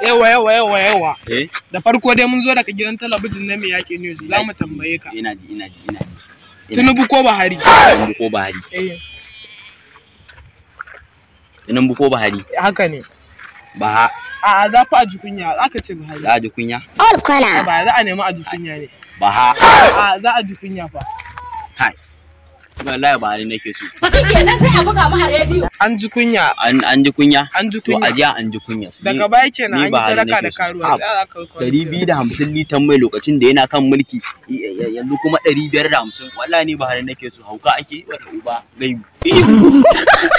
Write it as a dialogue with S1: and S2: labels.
S1: ewa, ewa, ewa. yawa da farko dai mun zo daga gidan talabijin na mai yake news za mu tambaye ka ina ji ina ji ina
S2: ji tinubu ko buhari tinubu ko buhari eh. tinubu ko buhari
S3: haka ne ba a za fa a kunya za ka ce buhari za a ji kunya ba za a nemi a kunya ne ba a za a ji kunya fa
S4: wallahi ba ni nake so
S3: kenan sai a buga mu a rediyo an ji kunya
S4: an ji kunya an ji kunya to ajiya an ji
S5: kunya daga baya kenan an yi sadaka da karuwa dari biyu da hamsin litan mai lokacin da yana kan mulki yanzu kuma dari biyar da hamsin
S6: wallahi ni ba ni nake so hauka
S5: ake wata uba gaibu